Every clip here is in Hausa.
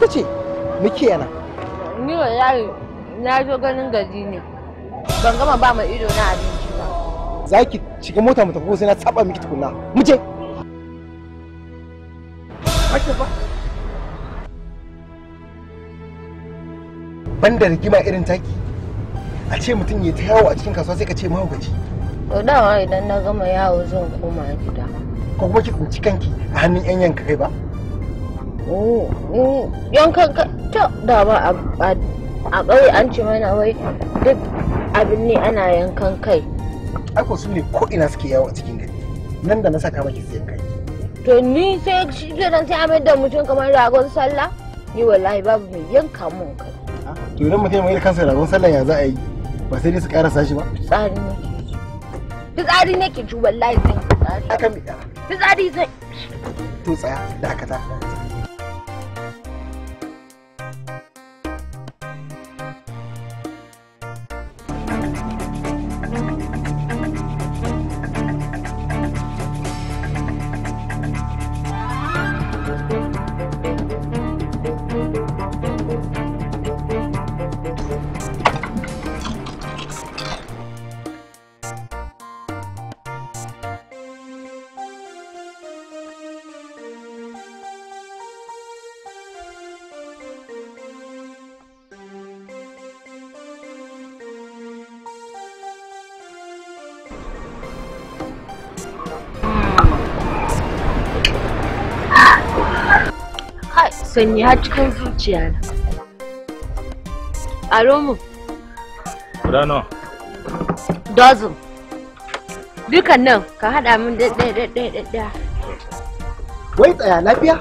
ita ce muke yana ni yari na zo ganin gaji ne ban gama ba mu ido na abinci ba za ki shiga mota mu tafi sai na saba miki tukunna mu je ban da rigima irin taki a ce mutum ya ta yawo a cikin kasuwa sai ka ce mahaukaci to wa idan na gama yawo zan koma gida ko kuma ki ci kanki a hannun yan yanka kai ba Yan mm, mm. yankan ta dama a ƙauye an ce mana wai duk abin ne ana yankan kai ako su ne ko ina suke yawo a cikin gari nan da na saka maki sayan kai to ni sai shi kenan sai amai da mutum kamar ragon sallah ni wallahi babu mai yanka mun kai ah, to idan mutum mai kansa ragon sallah ya za a yi ba sai ne su karasa shi ba tsari ne ki tsari ne ki ju wallahi zan tsari akan bi ah. tsari zan to tsaya dakata sanyi har cikin zuciya na. A Romo. Guda nawa? Dozin. Dukan nan ka haɗa min ɗaya ɗaya ɗaya ɗaya. Wai tsaya lafiya?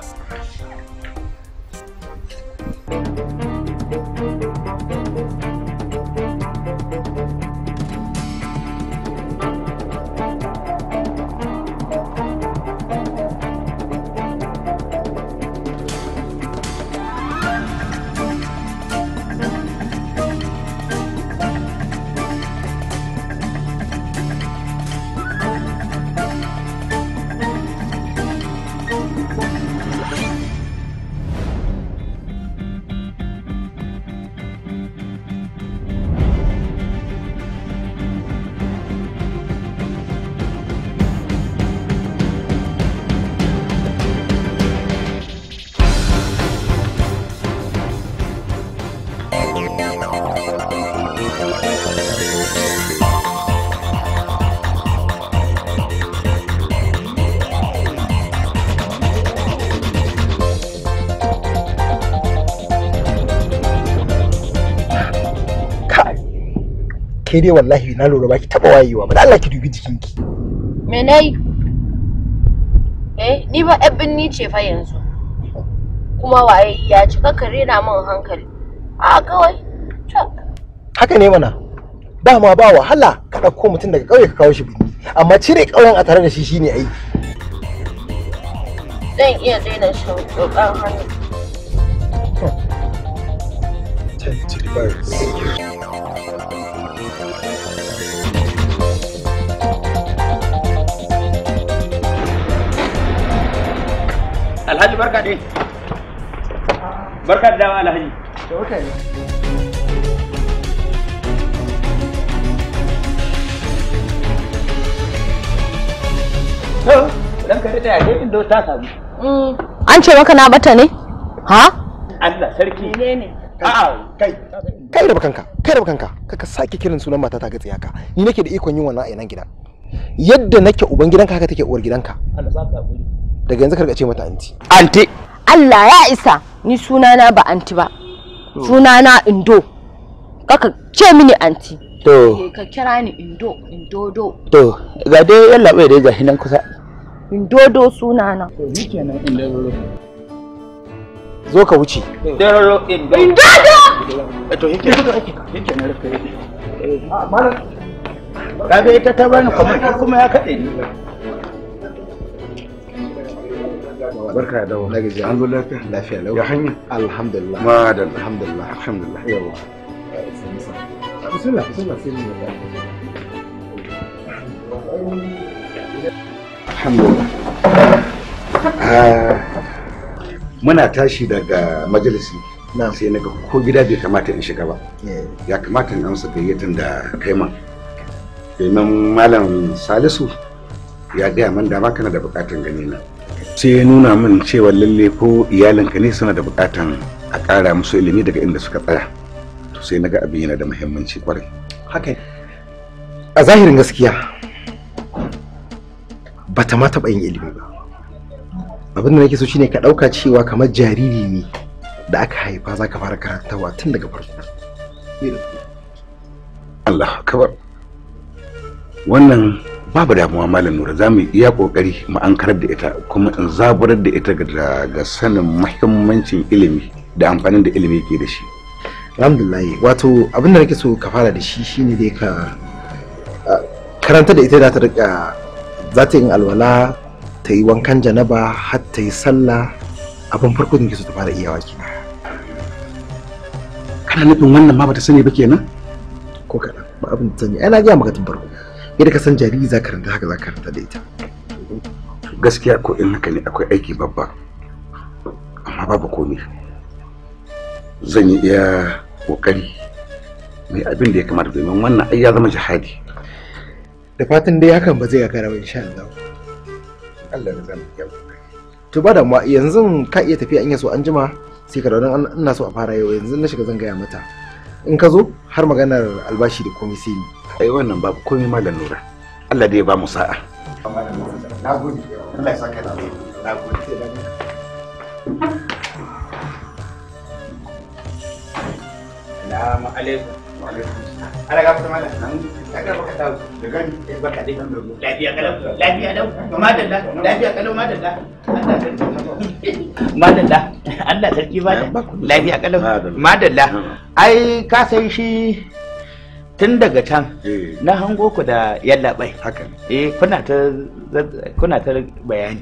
sai dai wallahi na lura baki taba wayewa ba da Allah ki dubi jikinki me nayi eh ni ba abin ni ce fa yanzu kuma waye ya ci ka kare na min hankali a kawai haka ne mana dama ba wahala ka dauko mutum daga ƙauye ka kawo shi birni amma cire ƙauyen a tare da shi shine aiki zan iya daina shan tsokan hannu Tentative alhaji barka dai barka da dawa alhaji eh, An ce maka na bata ne? Ha? Allah sarki. ne? A'a kai. Kai da bakanka, kai da bakanka, kaka sake kiran sunan matata ga tsiyaka. Ni nake da ikon yin wannan a nan gidan. Yadda nake uban gidanka haka take uwar gidanka. Allah daga yanzu karka ce mata anti anti Allah ya isa ni sunana ba anti ba sunana indo kaka ce mini anti to ka kira ni indo indodo to ga dai yalla bai dai gashi nan kusa indodo sunana to shikenan indodo zo ka wuce indodo indodo to yake yake yake na rufe eh malam kaga ita ta bani kuma kuma ya kade ni wala barka da dawo na gaji lafiya lafiya lau ya hanya alhamdulillah alhamdulillah alhamdulillah yawa bismillah bismillah alhamdulillah ah, muna tashi daga majalisi sai na ga ko gida bai kamata in shiga ba eh. ya kamata in amsa gayyatin da kai man domin malam salisu ya gaya man dama kana da bukatan gani na sai ya nuna min cewa lalle ko iyalinka ne suna da bukatan a kara musu ilimi daga inda suka tsaya to sai naga abin yana da muhimmanci kwarai haka a zahirin gaskiya ba ta ma taɓa yin ilimi ba abin da nake so shine ka ɗauka cewa kamar jariri ne da aka haifa za ka fara karantarwa tun daga farko Allah kabar wannan babu damuwa malam nura za mu iya kokari mu karar da ita kuma in zaburar da ita ga sanin mahimmancin ilimi da amfanin da ilimi ke da shi alhamdulillah wato abin da nake so ka fara da shi shine dai ka karanta da ita da ta rika za ta yi alwala ta yi wankan janaba har ta yi sallah abin farko da nake so ta fara iyawa kenan kana nufin wannan ma bata sani ba kenan ko kaɗan ba abin da sani ai na ga maka tabbar farko yadda ka san jariri za ka ranta haka za ka ranta da ita gaskiya ko in haka ne akwai aiki babba amma babu komai zan yi iya kokari mai abin da ya kamata domin wannan ai ya zama jihadi da fatan dai hakan ba zai gagara ba insha Allah Allah ya zama yau to ba damuwa yanzu ka iya tafiya in yaso an jima sai ka dawo ina so a fara yau yanzu na shiga zan gaya mata in ka zo har maganar albashi da komai sai ai wannan babu komai malam nura Allah dai ya ba mu sa'a Assalamu alaikum da lafiya lafiya madalla lafiya Allah sarki madalla Allah lafiya kalau madalla ai ka sai shi tun daga can eh. na hango ku da yallaɓai eh kuna ta bayani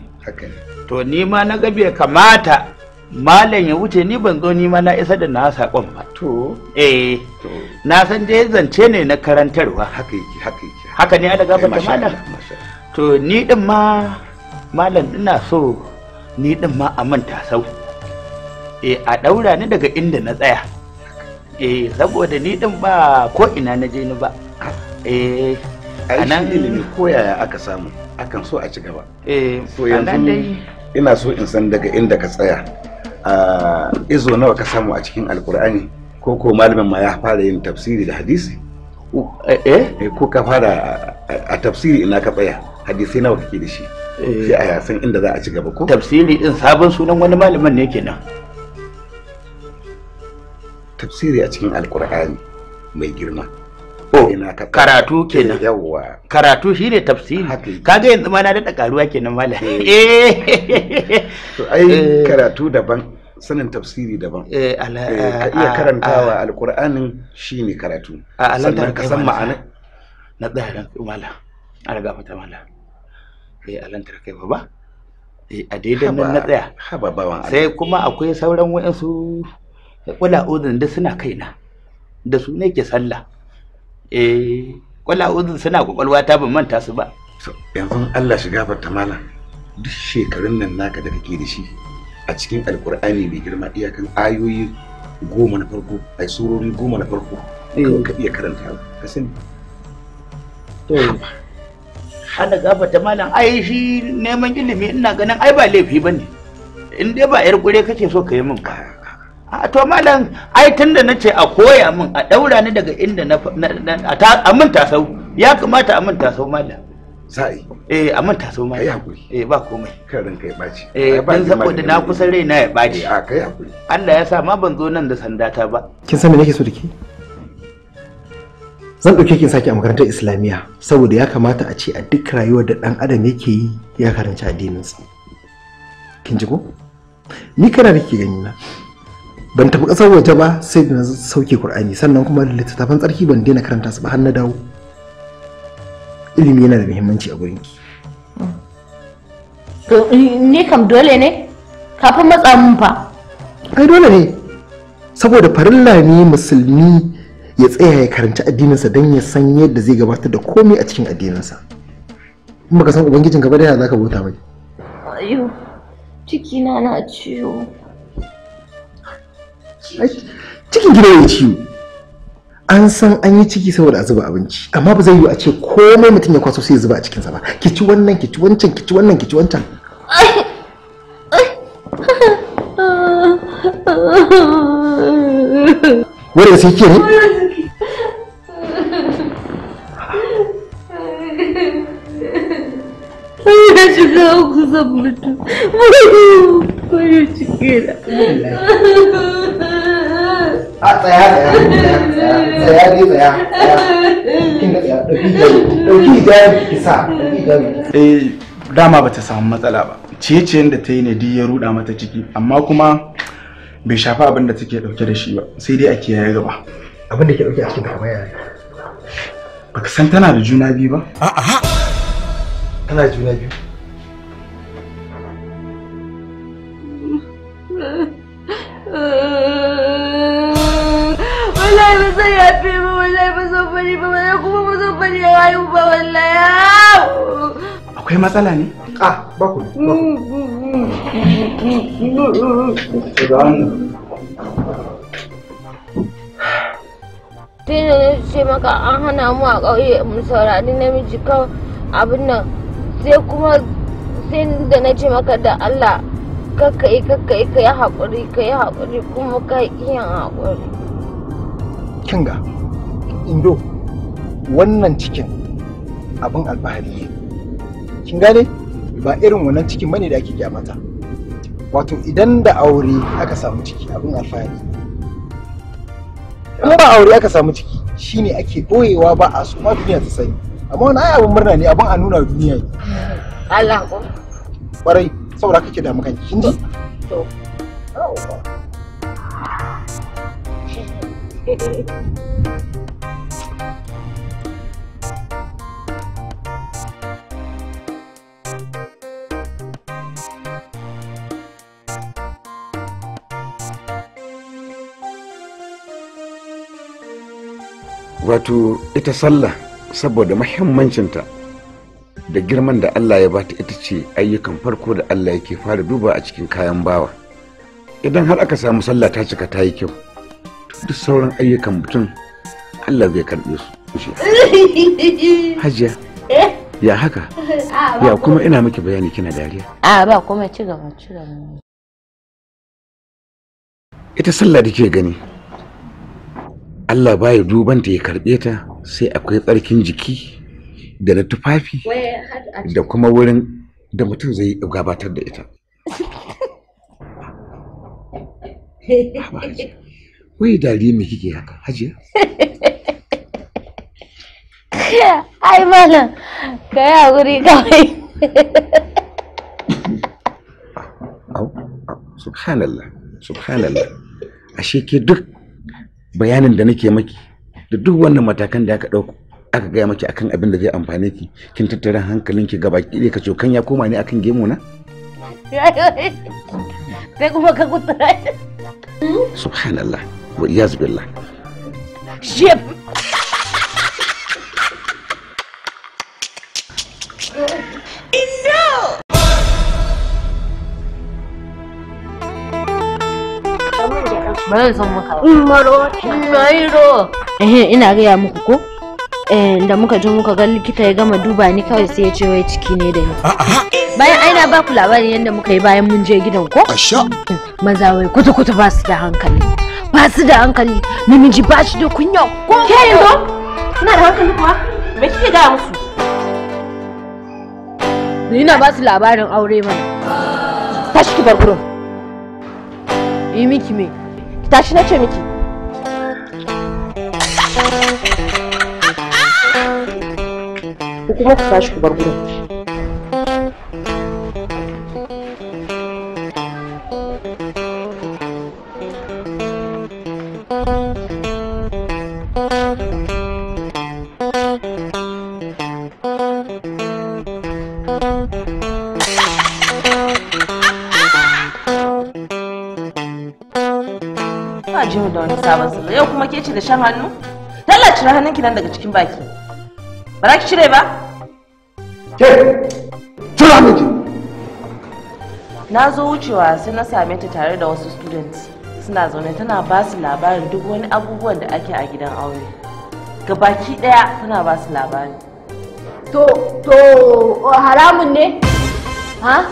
to ni ma na gabe kamata malam ya wuce ni ban zo ni ma na isa da na saƙon ba to eh na san dai zance ne na karantarwa haka yake haka yake haka ne ala gaba da malam to ni din ma malam ina so ni din ma a manta sau eh a daura ni daga inda na tsaya eh saboda ni din ba ko ina na je ni ba eh anan ilimi ko yaya aka samu akan so a ci gaba eh so yanzu ina so in san daga inda ka tsaya izo nawa ka samu a cikin alkur'ani ko ko malamin ma ya fara yin tafsiri da hadisi eh, eh? eh ko ka fara a tafsiri ina ka tsaya hadisi nawa kake da shi eh. shi a yasan inda za a ci gaba ko tafsiri din sabon sunan wani malamin ne kenan tafsiri a cikin alkur'ani mai girma Oh, karatu eh, kenan yawwa karatu shine tafsiri kaga yanzu ma na da karuwa kenan malam eh, eh. ai eh. karatu daban sanin tafsiri daban eh ka iya karantawa alqur'anin shine karatu sannan ka san ma'ana na tsaya malam a riga fata malam eh alantar kai ba a daidai nan na tsaya sai kuma akwai sauran wa'insu wala udun da suna kaina da su ne ke sallah eh uzu suna kwakwalwa ta ban manta su ba yanzu Allah shiga fata mala duk shekarun nan naka da kake da shi a cikin alkur'ani mai girma iyakan ayoyi goma na farko ai surori goma na farko eh. ka iya karanta ka sani to hada gafata malam ai shi neman ilimi ina ganin ai ba laifi bane in dai ba yar kure kake so ka yi min ba ah. a to malam ai tunda na ce a koya min a daura ni daga inda na a min sau ya kamata a min sau malam sa'i eh a min sau malam kai hakuri eh ba komai kan ranka ya baci eh dan saboda na kusan raina na ya baci eh, a kai hakuri Allah ya sa ma ban zo nan da sandata ba kin san me nake so da ke zan dauke kin saki a makarantar islamiyya saboda ya kamata a ce a duk rayuwar da dan adam yake yi ya karanci sa kin ji ko ni kana da ganin na ban tafi ƙasar waje ba sai da na sauke Kur'ani sannan kuma littattafan tsarki ban daina karanta su ba har na dawo ilimi yana da muhimmanci a gurin ki to ni kam dole ne kafin matsa mun fa ai dole ne saboda farilla ne musulmi ya tsaya ya karanci addininsa don ya san yadda zai gabatar da komai a cikin addininsa in baka san ubangijin gaba da yana zaka bauta mai ayo cikina na ciwo cikin gida ya ciwo an san an yi ciki saboda a zuba abinci amma ba zai yiwu a ce komai mutum ya kwaso sai ya zuba a cikinsa ba ki ci wannan ki ci wancan ki ci wannan ki ci wancan wanda sai ke ne Я тебя могу забыть. Мою чекера. tsaya tsaya tsaya dai tsaya kin ga tsaya dauki hijabi ki sa eh dama bata samu matsala ba ciye-ciyen da ta yi ne duk ya ruda mata ciki amma kuma bai shafi abin da take dauke da shi ba sai dai a kiyaye gaba abin da ke dauke a cikin gaba ya baka san tana da juna biyu ba a'a tana juna biyu bari ya fi ba wallahi ba zan bari ba wallahi kuma ba zan bari ya rayu ba wallahi akwai matsala ne da ce maka an hana mu a ƙauye mu saurari namiji kan abin nan sai kuma sai da na ce maka da Allah kakka yi kakka yi ka yi haƙuri ka yi haƙuri kuma ka yi haƙuri kinga indo wannan cikin abin alfahari ne kin gane ba irin wannan cikin bane da ake mata. wato idan da aure aka samu ciki abin alfahari kuma ba aure aka samu ciki shine ake boyewa ba a su ma duniya ta sani amma wani ai abin murna ne abin a nuna duniya ne Allah ko kwarai saboda kake da makanki kin ji to wato ita sallah saboda mahimmancinta da girman da Allah ya bata ita ce ayyukan farko da Allah yake fara duba a cikin kayan bawa idan har aka samu sallah ta cika ta yi kyau duk sauran ayyukan mutum Allah zai karɓe su hajiya eh? ya haka ah, ya kuma ina miki bayani kina dariya a ah, ba kuma ci gaba ci ita sallah da ke gani Allah baya duban ta ya karɓe ta sai akwai tsarkin jiki da na tufafi da kuma wurin da mutum zai gabatar da ita. Wai dariya me kike haka, Hajiya? Ai malam, ka yi haƙuri kawai. Subhanallah, subhanallah. Ashe ke duk bayanin da nake maki da duk wannan matakan da aka ɗauka aka gaya maki akan abin da zai amfane ki kin tattara hankalinki gaba ki ka kan ya koma ne akan gemu na? Sai kuma ka kutura. Subhanallah. wa iyaz billah ina gaya muku ko? Eh, da muka je muka ga likita ya gama duba ni kawai sai ya ce wai ciki ne da ni. Bayan aina ba ku labarin yadda muka yi bayan mun je gidan ko? Maza wai kwata-kwata ba su da hankali. ba su da hankali namiji ba shi da kunya ko ke yanzu suna da hankali kuwa me kike gaya musu ni na ba su labarin aure mana tashi ki bar gurin yi miki me ki tashi na ce miki ku kuma ku tashi ku bar gurin kyauta masa ba yau kuma ke ce da shan hannu dalla cire hannunki nan daga cikin baki ba ki cire ba ke cire hannunki na zo wucewa sai na same ta tare da wasu students suna zaune tana ba su labarin duk wani abubuwan da ake a gidan aure ga baki daya tana ba su labarin. to to haramun ne ha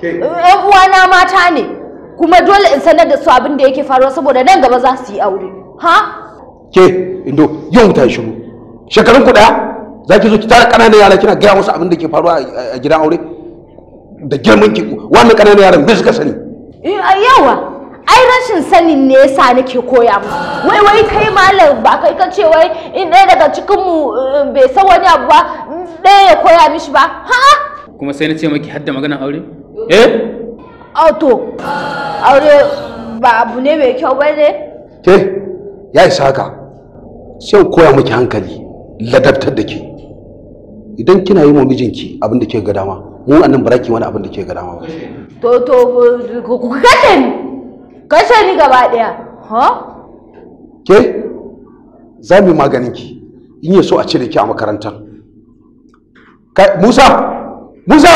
ke uwana mata ne kuma dole in sanar da su abin da yake faruwa saboda nan gaba za su yi aure ha ke indo yau ta shiru shekarun ku daya za ki zo ki tara ƙananan yara kina gaya musu abin da ke faruwa a gidan aure da girman ki wannan ƙananan yaran bai suka sani eh, yawa ai rashin sanin ne yasa nake koya musu wai wai kai malam ba kai ka ce wai in ɗaya daga cikin mu eh, bai san wani abu ba ɗaya ya koya mishi ba ha kuma sai na ce maki hadda maganar aure eh, eh? auto aure ba abu ne mai kyau ba ne ke ya isa haka sai koya miki hankali ladabtar da ke idan kina yi wa mijinki abin da ke ga dama mu annan baraki ki wani abin da ke ga dama ba to to ku kashe ni kashe ni gaba daya ha ke za mu maganin ki in ya so a cire ki a makarantar Musa Musa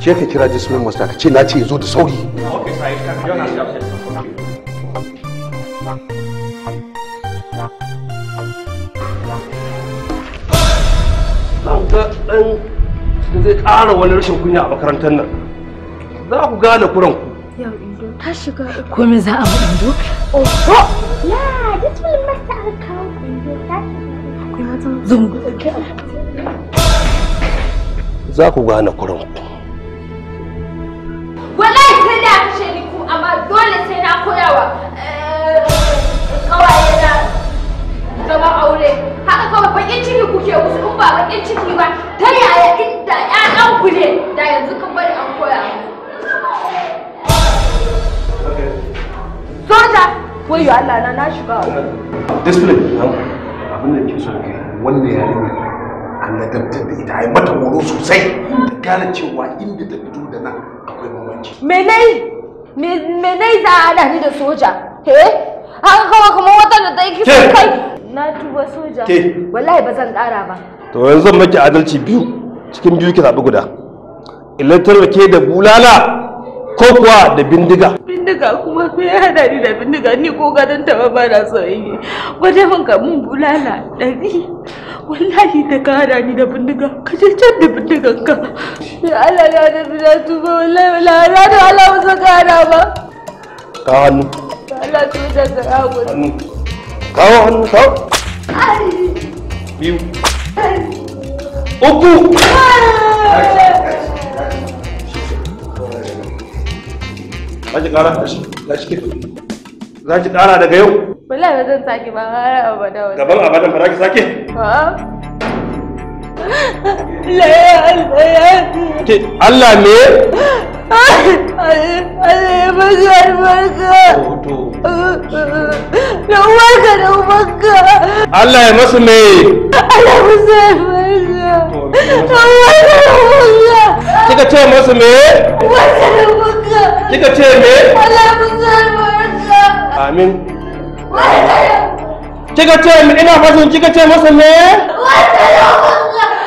je ka kira discipline master ka ce na ce zo da sauri ga ɗan zai ƙara wani rashin kunya a makarantar nan za ku gane kuran ku yau ta shiga ko za a mu indo oho ya discipline master aka kawo indo ta shiga akwai wata zungu za ku gane kuran ku dole sai eh, kawaye na zama aure haka kawai bakin ciki kuke musu bakin ciki ba yaya inda ƴaƴan ku da bari an koya Allah na na Discipline, abin da ke so ke wannan yarinya ladabtar da ita a yi mata horo sosai ta gane cewa inda ta fito da nan akwai bambanci. Me nai? za a haɗa ni da soja? He? Haka kawai kuma wata da ta yi kisan kai? Na tuba soja. Ke? Wallahi ba zan ƙara ba. To yanzu zan maki adalci biyu cikin biyu ki zaɓi guda. Ilantar da ke da bulala ko kuwa da bindiga bindiga kuma ko ya hada ni da bindiga ni ko gadon ta ba na so yi wajen mun ka mun bulala dari wallahi ta ka hada ni da bindiga ka je can da bindigan ka ya Allah ya da bina tuba wallahi wallahi na da Allah so ka kara ba ka hannu Allah sai da ka hannu kawo hannu kawo biyu uku za ki ƙara za ki za ki daga yau wallahi ba zan sake ba har abada gaban abadan ba za ki sake a'a Allah Allah ne Allah ya da da Allah ya masu me Allah ya masu albarka da kika ce masu me da kika ce me Allah ya masu amin kika ce ina fasin kika ce masu me uwarka da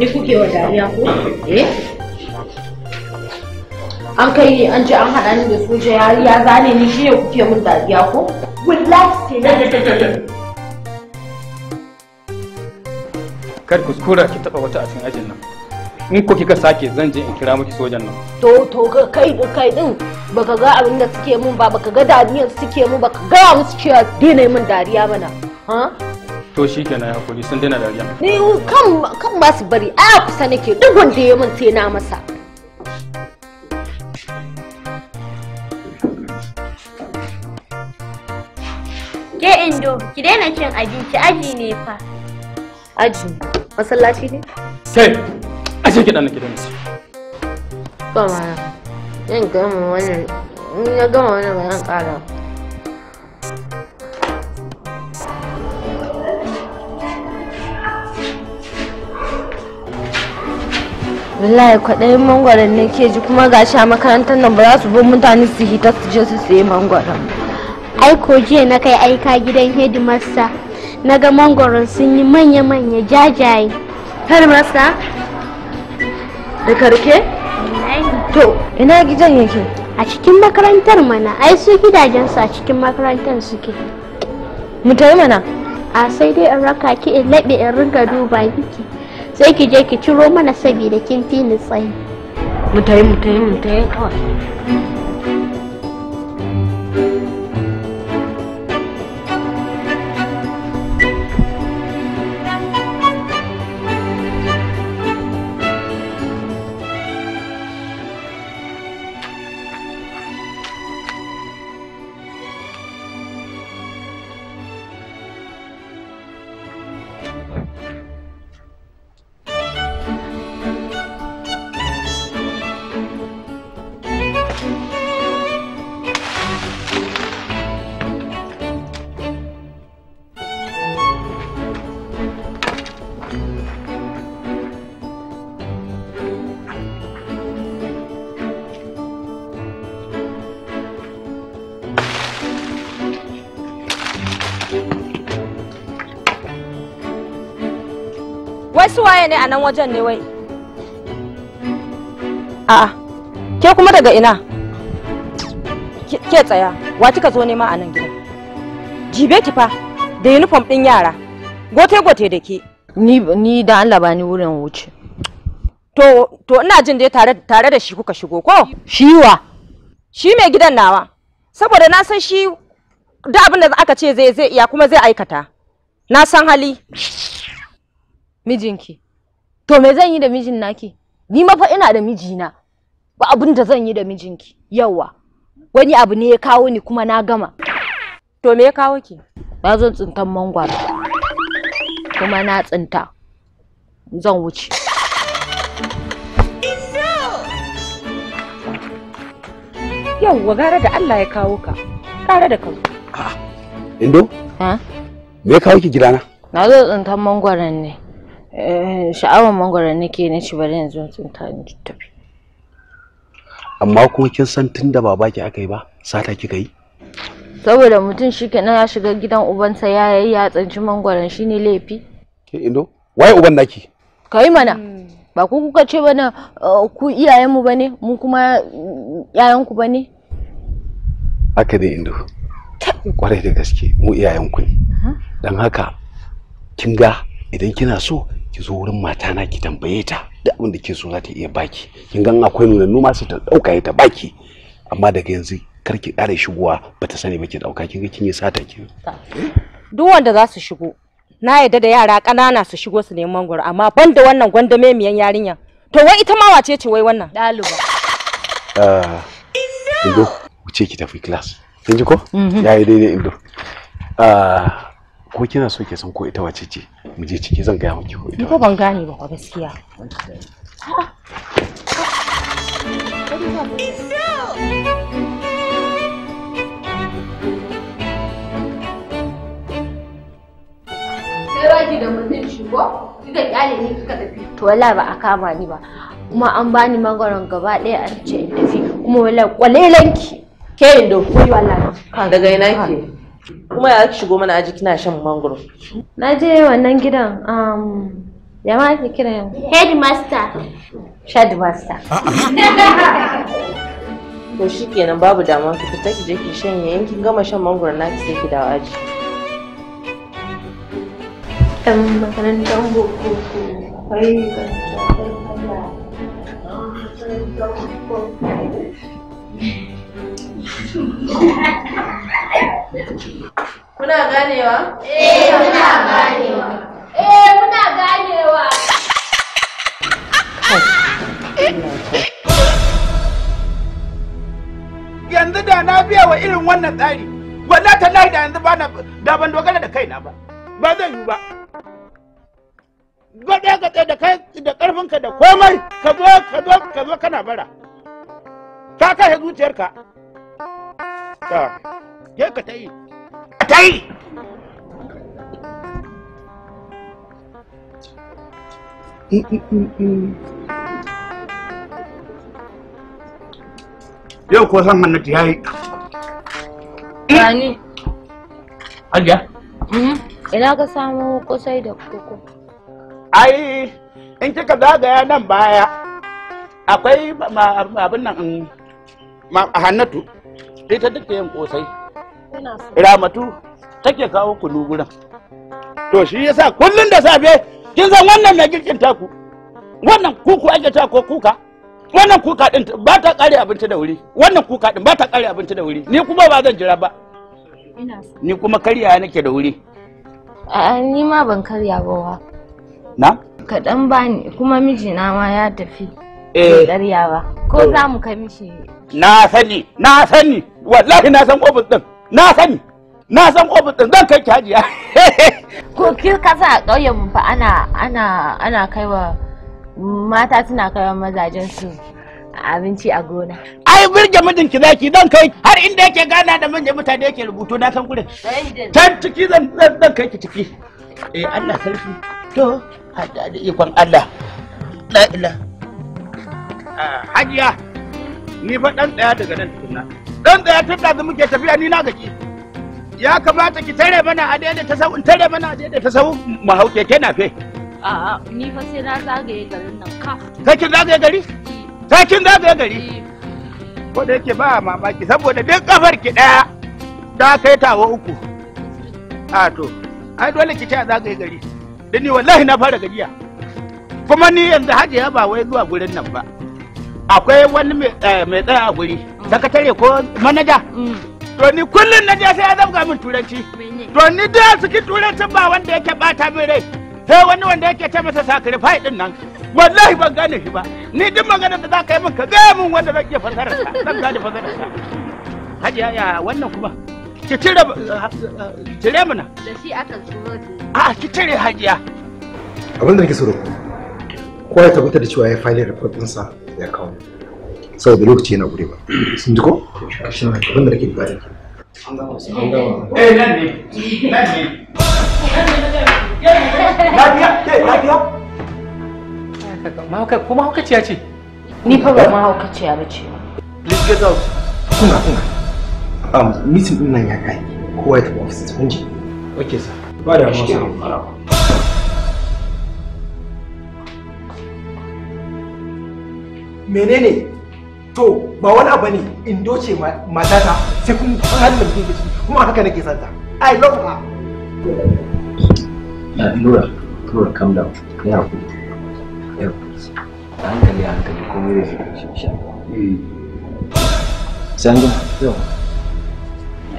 Ni kuke wa dariya ko? Eh? An kai an ji an haɗa ni da soja ya zane ni shi ne kuke min dariya ko? Wallahi sai na Kar kuskura ki taɓa wata a cikin ajin nan. in ko kika sake zan je in kira miki sojan nan to to kai kai din baka ga abin da suke mun ba baka ga dariyar suke mun baka ga musu cewa dina mun dariya mana ha to shi kenan ya kuli sun daina dariya ni kan kan ba su bari a kusa nake duk wanda ya mun sai na masa ke indo ki daina cin abinci aji ne fa aji masallaci ne kai ashe ki dan ki daina ba ma yan gama wannan in ya gama wannan ba zan kara wallahi kwaɗayin mangwaron ne ke ji kuma ga a makarantar nan ba za su bin mutane su hita su je su sayi mangwaron ai ko jiya na kai aika gidan hedimasta na ga mangwaron sun yi manya-manya jajaye hedimasta da karke to ina gidan yake a cikin makarantar mana ai su gidajensu a cikin makarantar suke mu mana a sai dai in raka ki in laɓe in ringa duba kike sai ki je ki ciro mana saboda kin fi ni tsayi mutai mutai. mu kawai wai su waye ne a nan wajen ne wai a'a ke kuma daga ina ke tsaya wa kika zo nema a nan gidan jibe ki fa da uniform din yara gote gote da ke ni ni da Allah ba ni wurin wuce to to ina jin dai tare tare da shi kuka shigo ko shi wa shi mai gidan nawa saboda na san shi da abin da aka ce zai zai iya kuma zai aikata na san hali mijinki to me zan yi da mijin naki ni ma fa ina da mijina ba abin da zan yi da mijinki yawa wani abu ne ya kawo ni kuma na gama to me ya kawo ki ba zan tsintan mangwaro kuma na tsinta zan wuce yawwa gara da Allah ya kawo ka gara da ka zo indo me ya kawo ki gidana na zo tsintan mangwaron ne Eh, sha'awar mangwaro nake na ci bari yanzu tsinta in tafi amma kuma kin san da baba ki aka yi ba sata kika yi saboda mutum shi ke ya shiga gidan ubansa ya yi ya tsanci shi ne laifi ke ino waye uban naki yi mana hmm. ba ku kuka ce bana eh, ku iyayenmu ba ne? mu kuma yayanku ba ne haka ne, indo kwarai da gaske mu iyayenku ne don haka kin ga idan kina so ki zo wurin matana ki tambaye ta duk abin da ke so za ta iya baki kin gan akwai nuna noma sai ta dauka ta baki amma daga yanzu kar ki kare shigowa ba ta sani ba ki dauka kin ga kin yi sata ki duk wanda za su shigo na yadda da yara kanana su shigo su neman gwar amma ban da wannan gwandame miyan yarinya to wai ita ma wace ce wai wannan ɗaliba ah, indo wuce ki tafi class kin ji ko mhm. yayi daidai indo ah, ko kina so ke san ko ita wace ce mu je ciki zan gaya miki ko ita ko ban gane ba da ko gaskiya kyale ni kika tafi to wala ba a kama ni ba kuma an bani magaron gaba ɗaya an ce in tafi kuma wallahi kwalelanki ke indo koi wallahi daga ina ke kuma ya ki shigo mana aji kina shan mangoro na je wannan gidan um ya ma ake kira yau headmaster shadmaster ah, ah. to shikenan babu dama ki fita ki je ki shanye yayin kin gama shan mangoro na ki sai ki dawo aji ɗan makarantar boko ko boko Kuna ganewa? Eh, muna ganewa. Eh, muna ganewa. Yanzu da na biya wa irin wannan tsari, wanda ta da yanzu ba na da ban dogara da kaina ba. Ba zai yi ba. Gwaɗe gatse da kai da ƙarfinka da komai ka zo ka zo ka zo kana bara. Ka kashe zuciyarka. Je ka ta yi. Ta yi! Yau ko san hannatu ya yi. Rani. Hajiya? Mm-hmm. Ina ka samu kosai da koko. Ai, in kika zagaya nan baya, akwai abin nan hannatu. ita duk yin kosai ramatu take kawo kunu gurin to shi yasa kullun da safe kin san wannan mai girkin taku wannan kuku ake ta ko kuka wannan kuka din ba ta kare abinci da wuri wannan kuka din ba ta kare abinci da wuri ni kuma ba zan jira ba ni kuma karya nake da wuri a ni ma ban karya ba wa na kaɗan ba ni kuma mijina ma ya tafi eh ba ko za mu kai mishi na sani na sani wallahi na san ofis din na sani na san ofis din zan kai ki hajiya ko kin kasa a ƙauyen mu fa ana ana ana kaiwa mata suna kaiwa mazajen su abinci a gona ai birge mijinki zaki dan kai har inda yake gana da manyan mutane yake rubutu na san gurin can ciki zan zan kai ki ciki eh Allah sarki to hada da ikon Allah la ila ah, hajiya ni fa dan daya daga nan tukunna dan tsaya tada da muke tafiya ni na gaji ya kamata ki tare mana a daidai ta sau tare mana a daidai ta sau mu hau ke na fe a'a ni fa sai na zagaye garin nan ka sai kin zagaye gari sai kin zagaye gari ko da yake ba mamaki saboda duk kafar ki daya ta kai tawo uku a to ai dole ki ta zagaye gari dan ni wallahi na fara gajiya kuma ni yanzu hajiya ba wai zuwa gurin nan ba akwai wani mai eh, tsaya a guri sakatare ko manaja mm. to ni kullum na je sai ya zabga min turanci to ni da suki turancin ba wanda yake bata min rai sai wani wanda yake ce masa sacrifice din nan wallahi ban gane shi ba ni duk magana da zaka yi min ka gaya min wanda zan iya fasara sa zan gane fasara sa hajiya ya wannan kuma ki cire uh, uh, cire mana da shi aka tsoro a ki cire hajiya abin da nake tsoro ko ya tabbatar da cewa ya file report sa ya kawo saboda lokaci yana gure ba sun ji ko shi ne abin da nake bukata eh nan ne nan ne eh, mahauka ko mahaukaciya ni fa ba mahaukaciya ba ce please get out kuna kuna um meeting din nan ya kai ya tafi office ji okay sir ba da menene to ba wani abu ne indo ce matata sai kun hannun da ciki kuma haka nake son ta i love her na lura lura calm down ya hakuri ya a hankali a hankali komai da shi shi sanga yau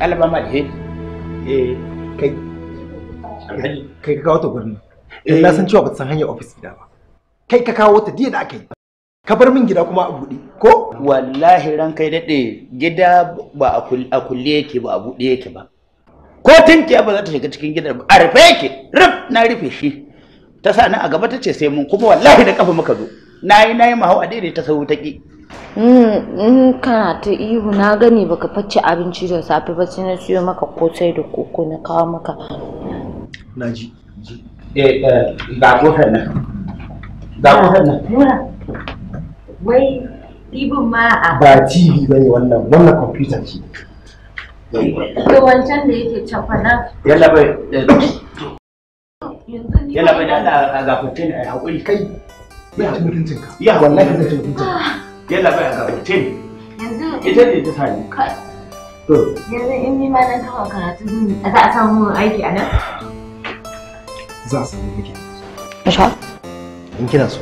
alba ma eh eh kai kai ka kawo ta gurin eh na san cewa ba ta san hanyar office gida ba kai ka kawo ta diya da aka yi ka bar min gida kuma a buɗe ko wallahi ran kai daɗe gida ba a kulle yake ba a buɗe yake ba ko tinkiya ba za ta shiga cikin gidan a rufe yake ruf na rufe shi ta sa a gaba ta ce sai mun kuma wallahi da kafa muka zo na yi na yi mahau a daidai ta sau ta ki. in kana ta ihu na gani baka facce abinci da safe ba sai na siyo maka kosai da koko na kawo maka. na ji. Eh, eh ga kofar nan ga nan. wai ɗibin ma a ba tv ba ne wannan wannan kwamfuta ce to wancan da yake cakwana yalla bai eh. yalla bai da a gafarce a haƙuri kai ya ci mutuncinka ya wallahi zai ci mutuncinka yalla bai a gafarce ne yanzu ita ne ta sani yanzu in ni ma na kawo karatu za a samu aiki a nan za a samu aiki in kina so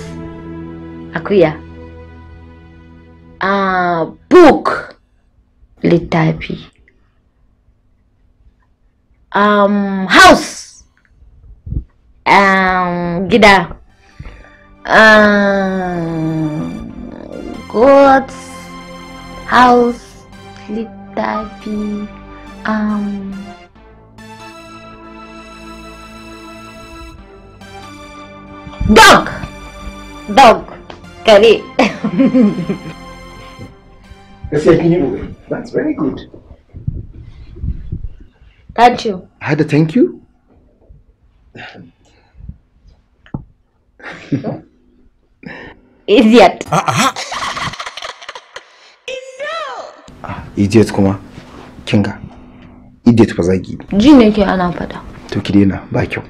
akuya a book littafi um, house um, gida um, god's house littafi um, dog dog kare gaskiya kin yi that's very good thank you I had a thank you idiot aha ah. idiot kuma kinga idiot fa zagi ji ne ke ana fada to ki daina you.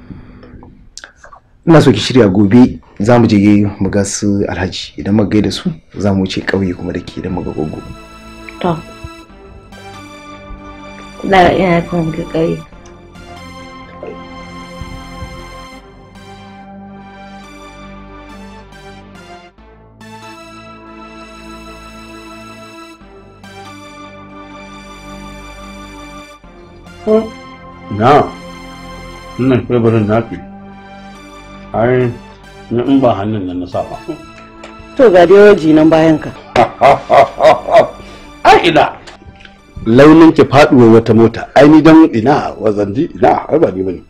ina so ki shirya gobe za mu je mu ga su alhaji idan muka gaida su za mu wuce ƙauye kuma da ke idan muka gogo to da ina kuma ga ƙauye Na, ina kwabarin nafi. har na in ba hannun nan na sa ba to ga dai nan bayan ka ai ina launin ki faduwa wata mota ai ni dan ina wazanji ina har ba ni bane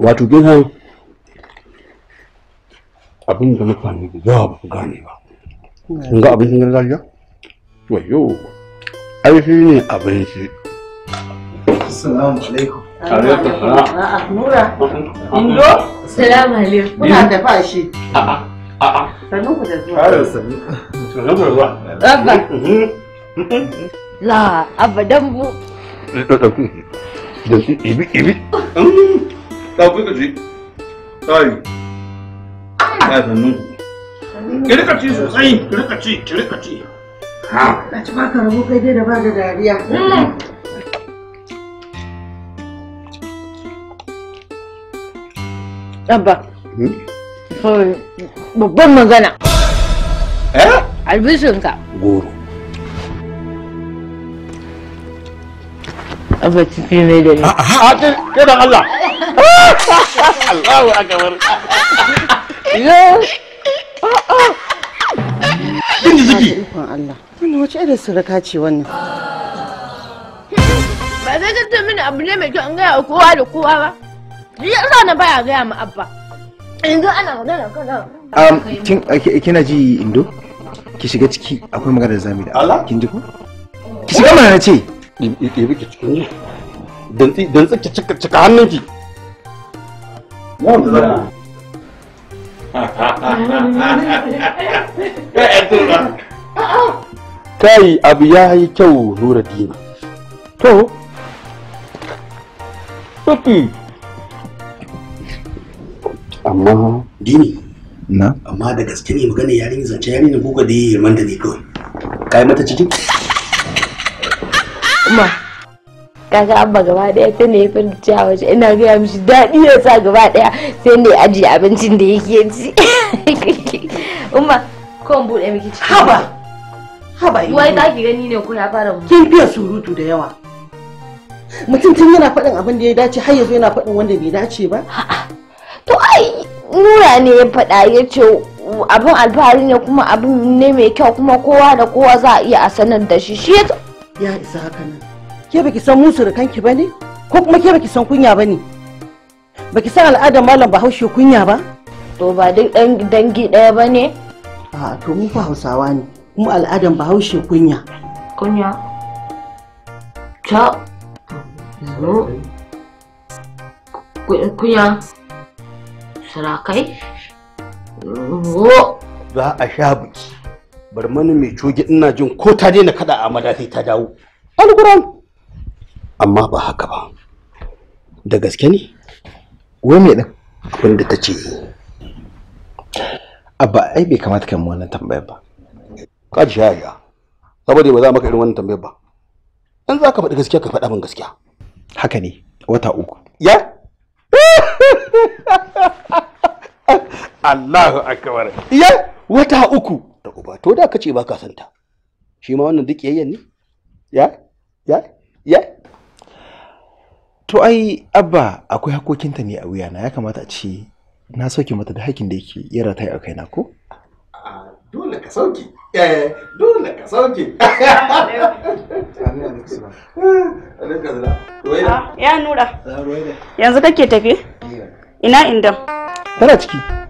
wato kin san abin da fani da yawa ba ku gane ba kun ga abincin gargajiya wayo ai shi ne shi. assalamu alaikum Nura, Indo, salamu alaikum. Kuna tafa shi. Sannu ku da zuwa. Sannu ku da zuwa. Abba. La, abba dambu. Ɗauki, ɗauki, ibi, ibi. Ɗauki ka ci. Tayi. Ya sannu. Ki rika ci sosai, ki rika ci, ki rika ci. Ha. Ka ci kai dai da ba da dariya. Mm. Abba. Hmm? Babban magana. Eh? Albishinka. Goro. Abba ciki ne da ni. A ke da ah, ah, ah, Allah. Allahu akabar. Yo. Kin ji ciki. Allah. Wannan wace irin suraka ce wannan? Ba zai mini abu ne mai kyau an gaya kowa da kowa ba. Jiya na baya gaya mu abba. Yanzu ana magana kana. Um, kin uh, kina ji Indo? Ki shiga ciki akwai magana zamu da Allah. Kin ji ko? Ki shiga mana ce. Ɗebi ki cikin dantsi dantsi ki cika cika hannunki. Wannan. Kai abu ya yi kyau Nuruddin. To, Tufi, amma dini na amma da gaske ne magana yarin zance yarin ne ga da yi manta ne kawai kai mata ciki amma kaga abba gaba daya ta ne fin cewa waje ina y'a mishi daɗi ya sa gaba daya sai ne aji abincin da yake ci umma ko in bude miki ciki haba haba yi wai ki gani ne ko ya fara mu kin fiye surutu da yawa mutum tun yana faɗin abin da ya dace har yanzu yana faɗin wanda bai dace ba a'a to ai nura ne ya faɗa ya ce abin alfahari ne kuma abin ne mai kyau kuma kowa da kowa za a iya a sanar da shi shi ya isa haka nan ke baki san musu da kanki ba ne ko kuma ke baki san kunya ba ne baki san al'adar malam bahaushe kunya ba to ba duk dangi ɗaya ba ne a to mu fa hausawa ne kuma al'adar bahaushe kunya kunya ta kunya sarakai za a sha bar barmani mai coge ina jin ko ta daina kada a mada sai ta dawo alquran amma ba haka ba da gaske ne wai me din abin ta ce abba ai bai kamata kai mu wannan tambayar ba ka ji shaya saboda ba za maka irin wannan tambayar ba in za ka faɗi gaskiya ka faɗa min gaskiya haka ne wata uku ya Allahu akbar iya wata uku da uba to da kace ba ka santa shi ma wannan duk yayyan ne ya ya ya to ai abba akwai hakokinta ne a wuyana ya kamata a ce na sauke mata da hakin da yake ya rataye a kaina ko dole ka sauke eh dole ka sauke ah, ya nura ah, yanzu kake tafe ina indan tana ciki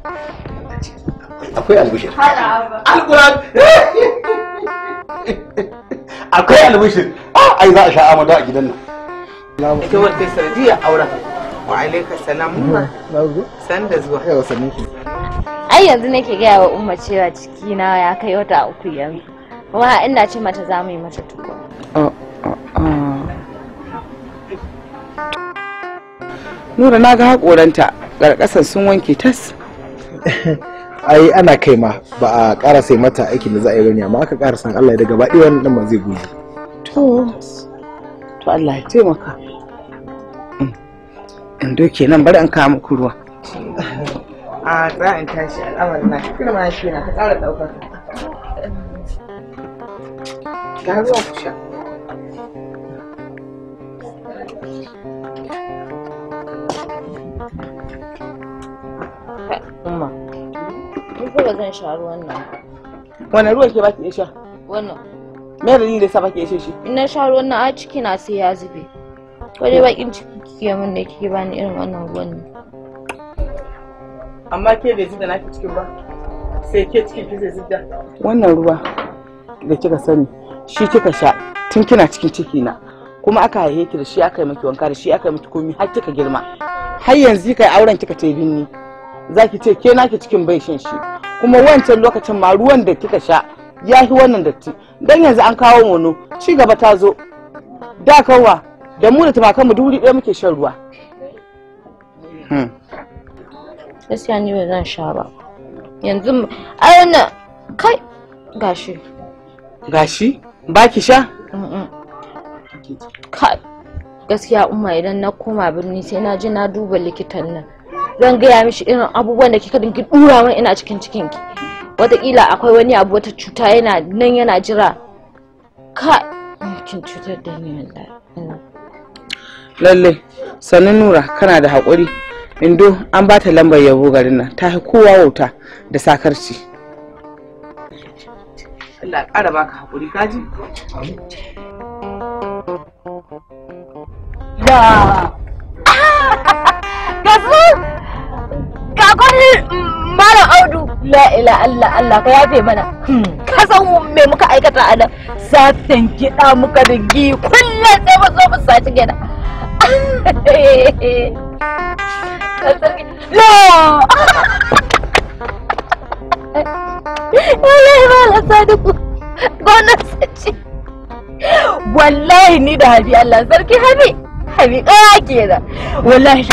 akwai albishir alquran akwai albishir ah, ai za a sha amado a gidan nan ita wata sardiya aura wa alaika salam san da zuwa ai yanzu nake gaya wa umma cewa ciki na ya kai wata uku yanzu kuma ina ce mata za mu yi mata tuko nura na ga haƙoranta ƙarƙasar sun wanke tas ai ana kai ma ba a ƙara sai mata aiki da za a yi bane amma aka ƙara san Allah daga baɗi wannan ma zai goyi. to to Allah ya taimaka in mm. doke nan bari an kawo muku ruwa a tsaya in tashi al'amar na kirma shi na ka ƙara ɗaukar ka ruwa ku sha fa zan sha ruwan nan Wannan ruwan ke baki iya sha? Wannan. Me ni da sa baki iya shi? In na sha ruwan nan a ciki na sai ya zube. Ko dai bakin ciki kike min da kike bani irin wannan ruwan ne. Amma ke bai na naki cikin ba. Sai ke cikin ki zai zida. Wannan ruwa da kika sani shi kika sha tun kina cikin ciki na. kuma aka haife ki da shi aka yi miki wanka da shi aka yi miki komi har kika girma har yanzu kai auren kika ce binni zaki ce ke naki cikin bai shan shi kuma wancan lokacin ma ruwan da kika sha ya fi wannan datti don yanzu an kawo mono ci gaba ta zo da kawa da mu da mu duri ɗaya muke shan ruwa hmm. gaskiya ni ba zan sha ba yanzu a wannan kai gashi gashi ba ki sha gaskiya umma idan na koma birni sai na ji na duba likitan nan zan gaya mishi irin abubuwan da kika dinki dura mai ina cikin cikin ki wataƙila akwai wani abu wata cuta yana nan yana jira ka kin cutar da ni lalle sannan nura kana da haƙuri indo an ba lambar yabo garin nan ta kowa wauta da sakarci Allah ƙara baka haƙuri kaji ya mara audu la ila Allah Allah ka yafe mana ka san me muka aikata a nan satin kiɗa muka da gi kullu sai mu zo mu saci gida lo wallahi ba la sadiku gona sace wallahi ni da habi Allah sarki habi habi ka kenan wallahi